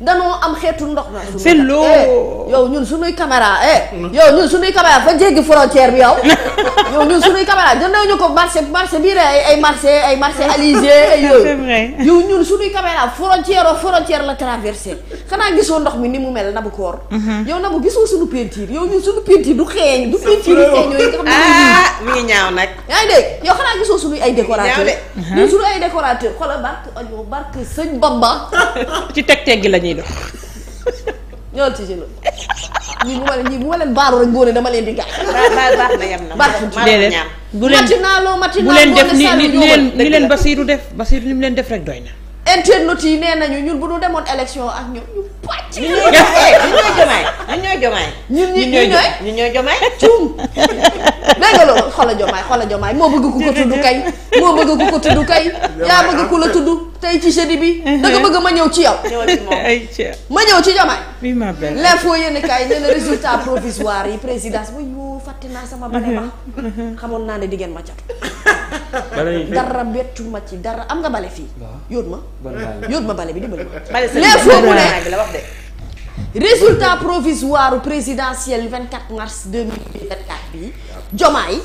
danoo am xeetu ndox. c'est l'eau yow ñun suñuy caméra eh. yow ñun suñuy caméra fa eh, jéggi mm. bi yow. yow ñun suñuy caméra jëndee ñu ko marché marché bii rek ay marché ay marché alizé ay yooyu. yow ñun suñuy caméra frontière o frontière la traversé xanaa gisoo ndox mi ni mu mel nabu koor. Mm-hmm. yow nabu gisoo suñu peinture yow ñun suñu peinture du xeeñ. du peinture yi xeeñ ah, yow xanaa gisoo ay décorateur ñun uh-huh. suñu ay décorateur xoolal barke barke sëñ Bamba ci teg teg gi lañu ñuy dox. ñoo ci gilo bu ma leen ñii bu ma leen baaru rek góone dama leen di gàll. baax baax na yem na. baax na déedéet bu leen matinaaloo matinaaloo bu leen def ni ni leen ni leen Basiiru def Basiiru ni mu leen def rek doy na. internautes yi nee nañu ñun bu ñu demoon élection ak ñoom ñu pàcc. ñun ñooy jomaay eh, ñun ñooy jomaay. ñun ñun ñooy a ñooy jomaay cum. dégg nga loolu xoola jomaay xoola moo bëgg ku ko tudd kay. moo bëgg ku ko tudd kay. yaa bëgg ku la tudd tey ci jeudi bi. Eh, eh. da bëgg ma ñëw ci yow. ma ñëw ci jomaay. oui ma belle l'info yéen kaay nee na résultat provisoire yi présidence bu ñu naa sama. beneen ba mhm. Mhm. xamoon naa ne di ngeen ma jot. dara bettu ma ci dara am nga bale fii. yóot ma. yóot ma bale bi dimbali ma. bale mu ne. résultat provisoire présidentiel 24 mars 2024 bi Jomaay.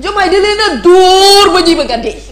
Jomaay da leen a dóor ba ñuy bëgg a dee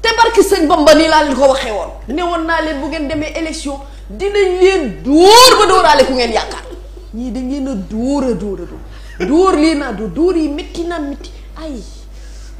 te barki sëñ Bamba nii laa leen ko waxee woon ne woon naa leen bu ngeen demee élection di leen dóor ba dóoraale ku ngeen yaakaar. ñii dañ leen a dóor a dóor a dóor dóor lii naa dóor dóor yi métti na métti ay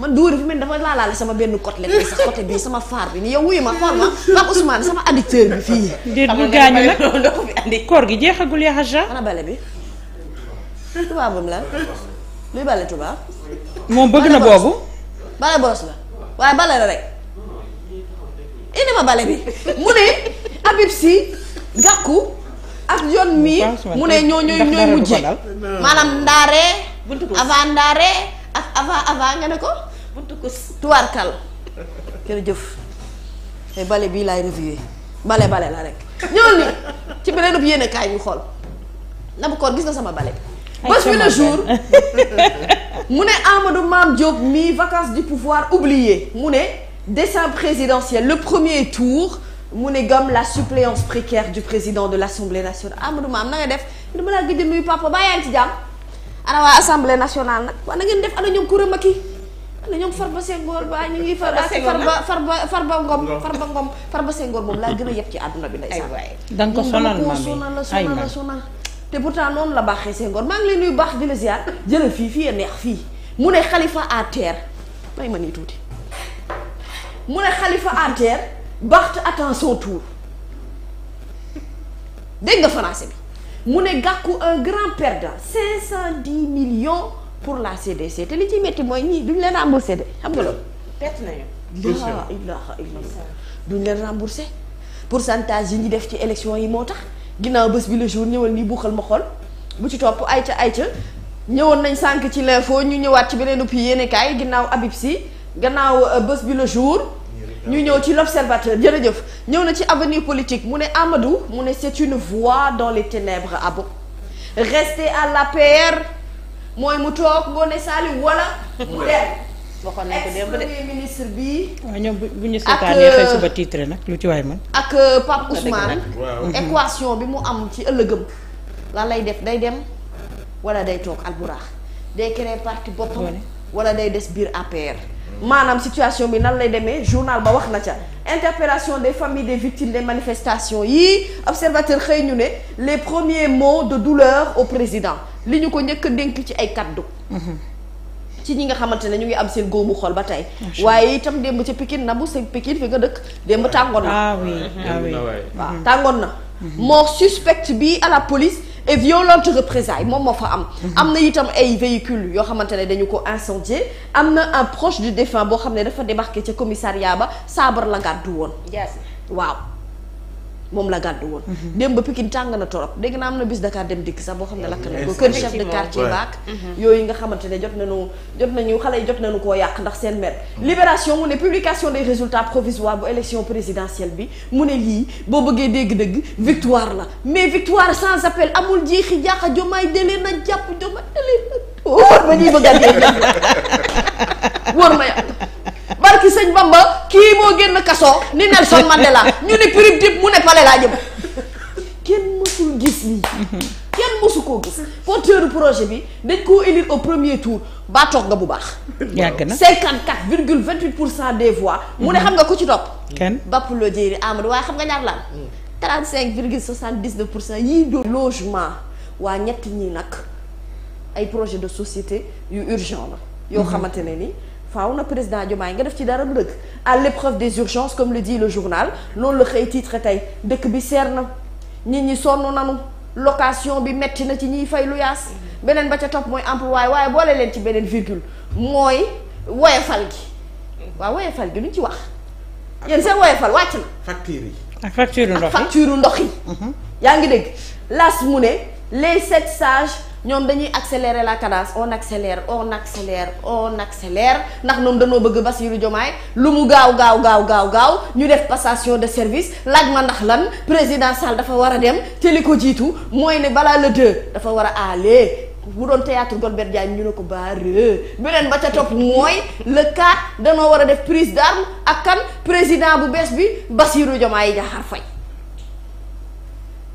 man dóor yi fi mel dafa laalaale sama benn côté bi sax côté bi sama faar bi ni yow wuyu ma xool ma Pape Ousmane sama addicteur bi fii. déet du gaañu nag andi koor gi jeexagul yaa xaja. ana bale bi tubaabam la luy bale tubaab. moom bëgg na boobu. bale boos la waaye bale la rek. indi ma bale bi mu ne Habib Sy Gakou ak yoon mu ne ñoo ñooy mujje maanaam ndaare avant ndaare avant avant nga ne ko buntu ko tuwaarkal jërëjëf tey bale bii lay reviewé bale bale la rek ñëwal ni ci beneen ub yéene kaay ñu xool nabu koor gis nga sama bale bés bi jour mu ne Amadou Mame Diop mi vacances du pouvoir oublié mu ne dessin présidentiel le premier tour mu ne gam la suppléance précaire du président de l' assemblée nationale ah, Amadou Maam na nga def dama laa gëj a nuyu papa ba yaa ngi ci jàmm ana waa assemblée nationale nag waa na ngeen def ana ñoom kuréel ak ana ñoom Farba ba ñu ngi Farba Farba Farba Ngom Farba Ngom Farba gën a yeb ci àdduna bi ndeysaan da nga ko sonal ma sonal la sonal la sonal te pourtant noonu la baaxee Senghor maa ngi lay nuyu baax di la ziar jëlal fii fii a neex fii mu ne xalifa en terre may ma nii tuuti mu ne xalifa à terre Barth attend son tour dégg nga français bi mu ne Gakou un grand perdant cinq cent dix millions pour la CDC te li ci métti mooy ñii duñ leen remboursé de xam nga loolu. perte nañu. laa ilaaha illallah duñ leen pour pourcentage yi ñu def ci élection yi moo tax ginnaaw bés bi la jour ñëwal nii buuxal ma xool bu ci topp ay ay ca ñëwoon nañ sànq ci l'info ñu ñëwaat ci beneen uppi yéene kaay ginnaaw Habib si gannaaw euh, bés bi la jour. ñu ñëw ci l'observateur jërëjëf ñëw na ci avenir politique mu ne amadu mu ne c'est une voix dans les ténèbres ah bon rester à l'APR mooy mu toog Ngoné Saliou wala mu dem waxoon nañ ko démb de ministre bi. waaw ñoom ñu seetaanee xëy euh, suba titre lu ci waay man. ak euh, Pape Ousmane. Mhm. équation bi mu am ci ëllëgëm. lan lay def day dem wala day toog alburaax day créer parti boppam. wala day des biir APR. maanaam situation bi nan lay demee journal ba wax na ca interpellation des familles des victimes des manifestations yii observateur xëy ñu ne les premiers mots de douleur au président li ñu ko njëkk dénk ci ay kaddu. Mhm. ci ñi nga xamante ne ñu ngi am seen góomu xol ba tey. waaye itam démb ci Pikine na bu sa Pikine fi nga dëkk démb tàngoon na. ah, ah tàngoon na. Mhm. moo suspect bi à la police. et violentes représailles moom moo fa am. am na itam ay véhicules yoo xamante ne dañu ko incendier am na un proche du défunt boo xam ne dafa débarqué ca commissariat ba saabar la gàddu woon. waaw. moom la gàddu woon mhm. démb ba Pikine tàng na torop dégg naa am na bis Dakar dem dikk sax boo xam ne lakk nañ ko kër chef de quartier baak mhm. yooyu nga xamante ne jot nañu jot nañu xale yi jot nañu koo yàq ndax seen mer libération mu ne publication des résultats provisoires bu élection présidentielle bi mu ne lii boo bëggee dégg dégg victoire la mais victoire sans appel amul jiixi jaaxa jomaay dalee na jàpp jomaay dalee na wóor ma ñuy bëgg a dee wóor ma yàlla barki sëñ Bamba kii moo génn kaso ni Nelson Mandela ñu ne prime dip mu ne pale laa jëm kenn mësul gis lii kenn mësu koo gis porteur projet bi dañ koo élire au premier tour baa toog nga bu baax. yàgg na 54 virgule 28 pour cent des voix. mu ne mhm. xam nga ku ci topp. kenn Bapula Diéry Amadou waaye xam nga ñaar laan. 35 mm. virgule 79 pour cent yii doon logement waa ñett ñi nag ay projet de société yu urgent la. yoo mhm. xamante ne nii faaw na président Diomaye nga def ci dara du dëgg à l'épreuve des urgences comme le dit le journal loolu la xëy titre tey dëkk bi seer na nit ñi sonn nanu location bi metti na ci ñiy fay lu yaas beneen ba ca topp mooy emploi waaye boole leen ci beneen virgule mooy woyefal gi waaw woyefal gi luñ ci wax yéen seen woyefal wàcc na facture yi ak facture ndox yi mhm. yaa ngi dégg las mu ne les sept sage ñoom dañuy accélérer la cadence on accélère on accélère on accélère ndax ñoom dañoo bëgg Bassirou Diomaye lu mu gaaw gaaw gaaw gaaw gaaw ñu def passation de service laaj ma ndax lan président Sall dafa war a dem te li ko jiitu mooy ne balaa le deux dafa war a aller bu doon théâtre Golbert Diagne ñu ne ko baaree beneen ba ca topp mooy le quatre danoo war a def prise d'arme ak kan président bu bees bi Bassirou Diomaye Diakhar Faye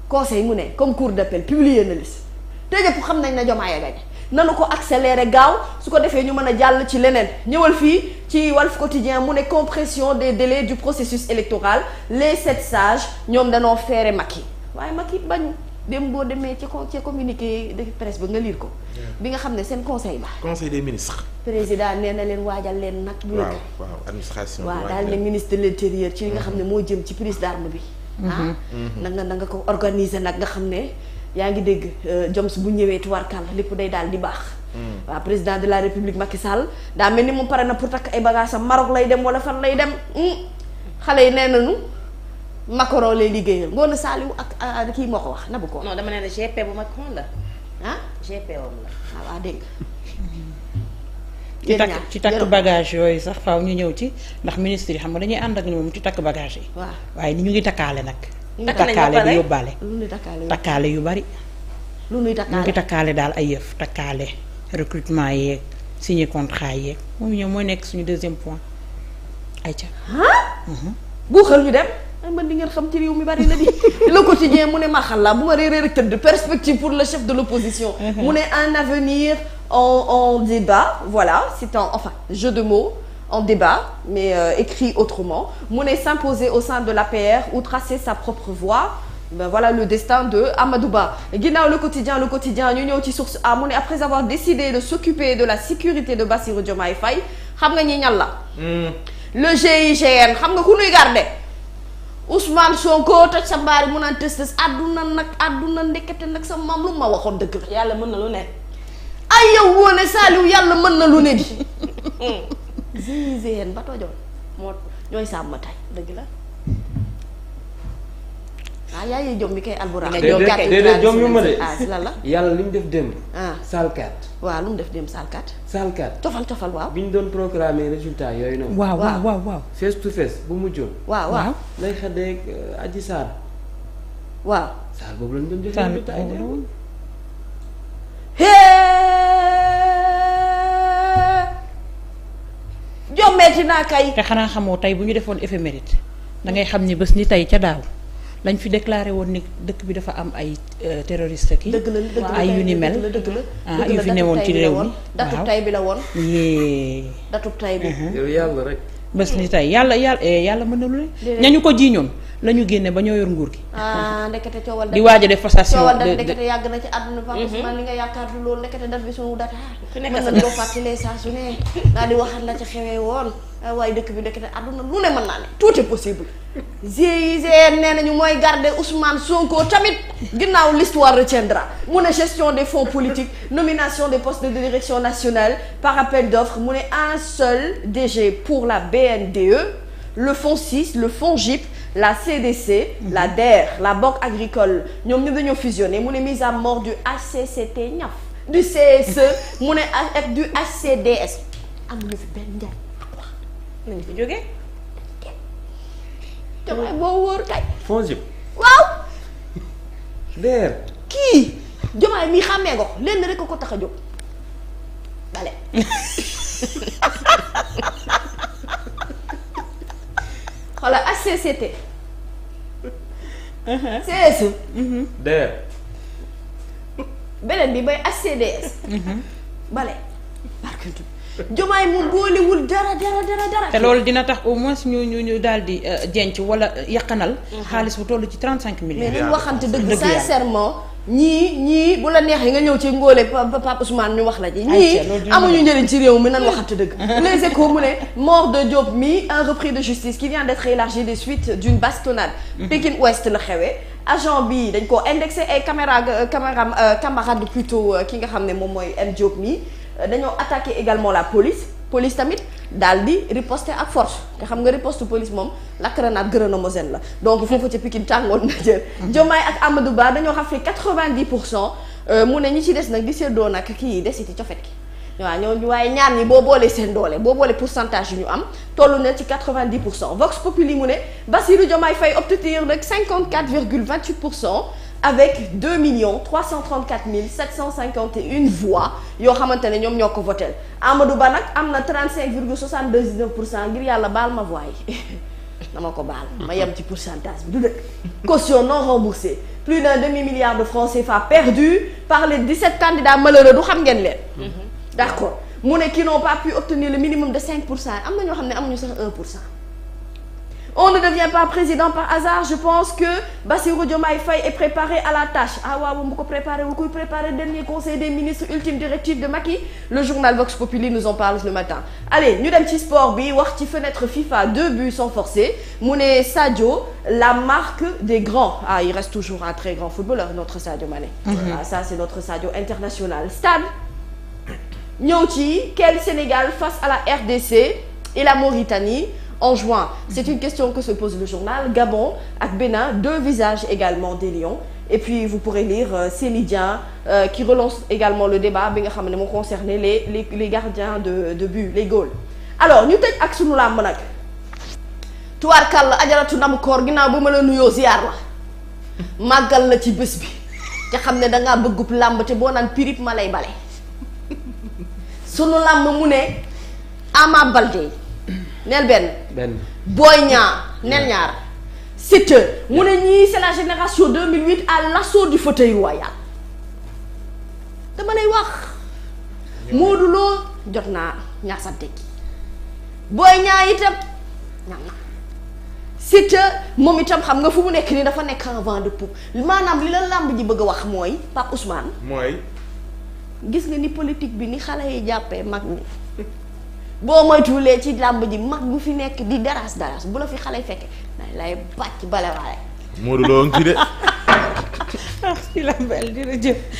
conseil mu ne comme cour d'appel publier te ñëpp xam nañ ne Diomaye gañ nanu ko accélérer gaaw su ko defee ñu mën a jàll ci leneen ñëwal fii ci Walf Quotidien mu ne compression des délais du processus électoral les set sage ñoom danoo feere mag yi waaye Macky bañu dem boo demee ci ci communiqué de presse ba nga lire ko. bi nga xam ne seen conseil ba. conseil des ministres. président nee na leen waajal leen nag. bu waaw waaw administration waaw daal ne ministre de l' ci li nga mm-hmm. xam ne moo jëm ci prise d' bi. Mm-hmm. ah mm-hmm. na nga nga ko organiser nag nga xam ne. yaa ngi dégg euh, Joms bu ñëwee tuwarkal lépp day daal di baax. Hmm. waaw président de la république Macky Sall daa mel ni mu pare na pour takk ay bagages am Maroc lay dem wala fan lay dem hmm. xale yi nee nañu Macron lay liggéeyal ngoon Saliou ak kii moo ko wax na bu ko. non dama ne la GP bu Macron la ah GP woom la ah, ci takk ci takk bagage yooyu sax faaw ñu ñëw ci ndax ministre yi xam nga dañuy ànd ak ñoom ci takk bagage yi. waaw waaye ni ñu ngi takkaale nag. takkaale bi yóbbaale takkaale yu bari lu nuy takkaale mu ngi daal ay yëf takkaale recrutement yeeg signé contrat yeeg moom ñoom mooy nekk suñu deuxième point ay ca bu mhm. xel ñu dem man di ngeen xam ci réew mi bari na di le quotidien mu ne maxalla bu ma réeree rek tëdd perspective pour le chef de l'opposition mhm. mu ne un avenir en en débat voilà c'est un enfin jeu de mots en débat mais euh, écrit autrement mu ne s'imposer au sein de l'APR ou tracer sa propre voie ben voilà le destin de Amadou Ba ginnaaw le quotidien le quotidien ñu ñëw ci source a mu ne après avoir décidé de s'occuper de la sécurité de Bassirou Diomaye fay xam nga ñi ñal la hmm. le GIGN xam nga ku nuy garde Ousmane Sonko toj sa mbaari mu naan tës tës àdduna nag àdduna ndekete nag sa maam lu ma waxoon dëgg yàlla mën na lu ne ay yow woone Saliou yàlla mën na lu ne di GIGN ba tojoon moo ñooy sàmm tey dëgg la ah yaa ngi jom kay alburax. déedéet jom yu ma de ah si lan yàlla li mu def démb. ah salkaat. waaw lu mu def démb salkaat. salkaat cofal cofal waaw. bi ñu doon programmer résultat yooyu noonu. waaw waaw waaw waaw. face to face bu mujjoon. waaw waaw lay xaddee eh, Adji Sarr. waaw Sarr boobu lañ doon joxe résultat yi naa kay. te xanaa xamoo tey bu ñu defoon éphéméride da ngay xam ni bés ni tey ca daaw lañ fi déclaré woon ni dëkk bi dafa am ay euh, terroriste ki ay yu ni mel ah yu fi ne woon ci réew mi datub tey bi la woon yée datub tey bi yow bés ni tey yàlla yàlla eh, yàlla mën na lu ne ñañu ko jiiñoon la ñu génne ba ñoo yor nguur gi. ah ndekete di waaj a def passation coowal yàgg na ci àdduna ba. Mhm. man li nga yaakaar du loolu ndekete date bi suñu data. ku nekk mën na doo fàttalee saa su nee daal di waxaat la ca xewee woon ah, waaye dëkk bi ndekete àdduna lu ne mën naa ne tout est possible. GIGN nee nañu mooy garder Ousmane Sonko tamit ginnaaw l'histoire retiendra mu ne gestion des fonds politiques nomination des postes de direction nationale par appel d'offres mu ne un pour la BNDE le fonds 6 le fonds la c mhm. la DER la banque agricole ñoom ñëpp dañoo fusionné mu ne mise à mort du t ñaf du CSE mu ne ak du HCDS amuñu fi benn njaay nañu fi jógee. te boo wóor kay. fonds yëpp. waaw. DER. kii Diomaye mi xàmmee ko lenn rek ko tax a jóg bale. wala HCCT. CSU. DR. beneen bi bay HCDS. bale. jomaay mu boolewul dara dara dara dara. te loolu dina tax au moins ñu ñu ñu daal di jenc euh, wala yàqanal. Mhm. xaalis bu toll ci trente cinq millions. mais nañ waxante dëgg sincèrement. ñii ñii bu la neexee nga ñëw ci ngóole Papa Ousmane ñu wax la ci ñii amuñu njëriñ ci réew mi nan waxat dëgg Les Échos mu ne mort de Diop mi un repris de justice qui vient d'être élargi des suites d'une bastonnade mhm. Pékin Ouest la xewee agent bi dañ ko indexé ay caméra euh, caméra euh, camarade plutôt ki nga xam ne moom mooy M Diop mi dañoo attaqué également la police police tamit daal di riposte ak force te xam nga riposte police moom l'acranaat grenamosène la donc foofu ca Pikine tàngoon na jël mhm. Diomaye ak Amadou Ba dañoo xam fi 90 pour cent euh, mu ne ñi ci des nag di seddoo nag kii yi desiti cofet ki waaw ñooñu waaye ñaar ñi boo boolee seen doole boo boolee pourcentage yu ñu am toll na ci 90 pour cent Vox Populi mu ne Bassirou Diomaye Faye obtenir nag 54 virgule 28 pour cent avec 2 millions 334 751 voix yoo xamante ne ñoom ñoo ko votel Amadou Ba nag am na 35 virgule 79 pour cent ngir yàlla baal ma voix dama ko baal ma yem ci pourcentage bi du dëkk caution non remboursée plus d'un demi milliard de francs CFA perdus par les 17 candidats malheureux du xam ngeen leen mhm. d'accord mu ne qui n'ont pas pu obtenir le minimum de pour cent am na on ne devient pas président par hasard je pense que Bassirou Diomaye Faye est préparé à la tâche ah waaw mu ko préparé wu kuy préparé dernier conseil des ministres ultime directive de Macky le journal Vox Populi nous en parle ce matin allez ñu dem ci sport bi wax ci fenêtre FIFA deux buts sont forcés mu ne Sadio la marque des grands ah il reste toujours un très grand footballeur notre Sadio Mané mhm. voilà ça c'est notre ci quel Sénégal face à la RDC et la Mauritanie en juin c'est une question que se pose le journal Gabon ak Bénin deux visages également des lions et puis vous pourrez lire euh, Sénidia euh, qui relance également le débat bi nga xam ne moo concerné les les les gardiens de de but les goals alors ñu tëj ak sunu làmb nag tubaarkàlla ajaratu ndam koor ginnaaw ba ma la nuyoo ziar la màggal la ci bés bi te xam ne dangaa bëggub làmb te boo naan pirip ma lay bale sunu làmb mu ne Ama Baldé neel benn. benn Boy Niang neel ñaar. Siteu mu ne ñii c'est la génération soo à l'assaut du fauteuil royal dama lay wax. Modou Lo jot naa ñaar sa tekki Boy Niang itam ñam na. Siteu moom itam xam nga fu mu nekk nii dafa nekk en vent maanaam li la làmb ji bëgg a wax mooy Pape Ousmane. mooy. gis nga ni politique bi ni xale yi jàppee mag ñi. boo moytuwulee ci làmb ji mag bu fi nekk di daras daras bu la fi xale fekke dañ lay bàcc balewaale Modou Lo ngi de merci ah, Lambel jërëjëf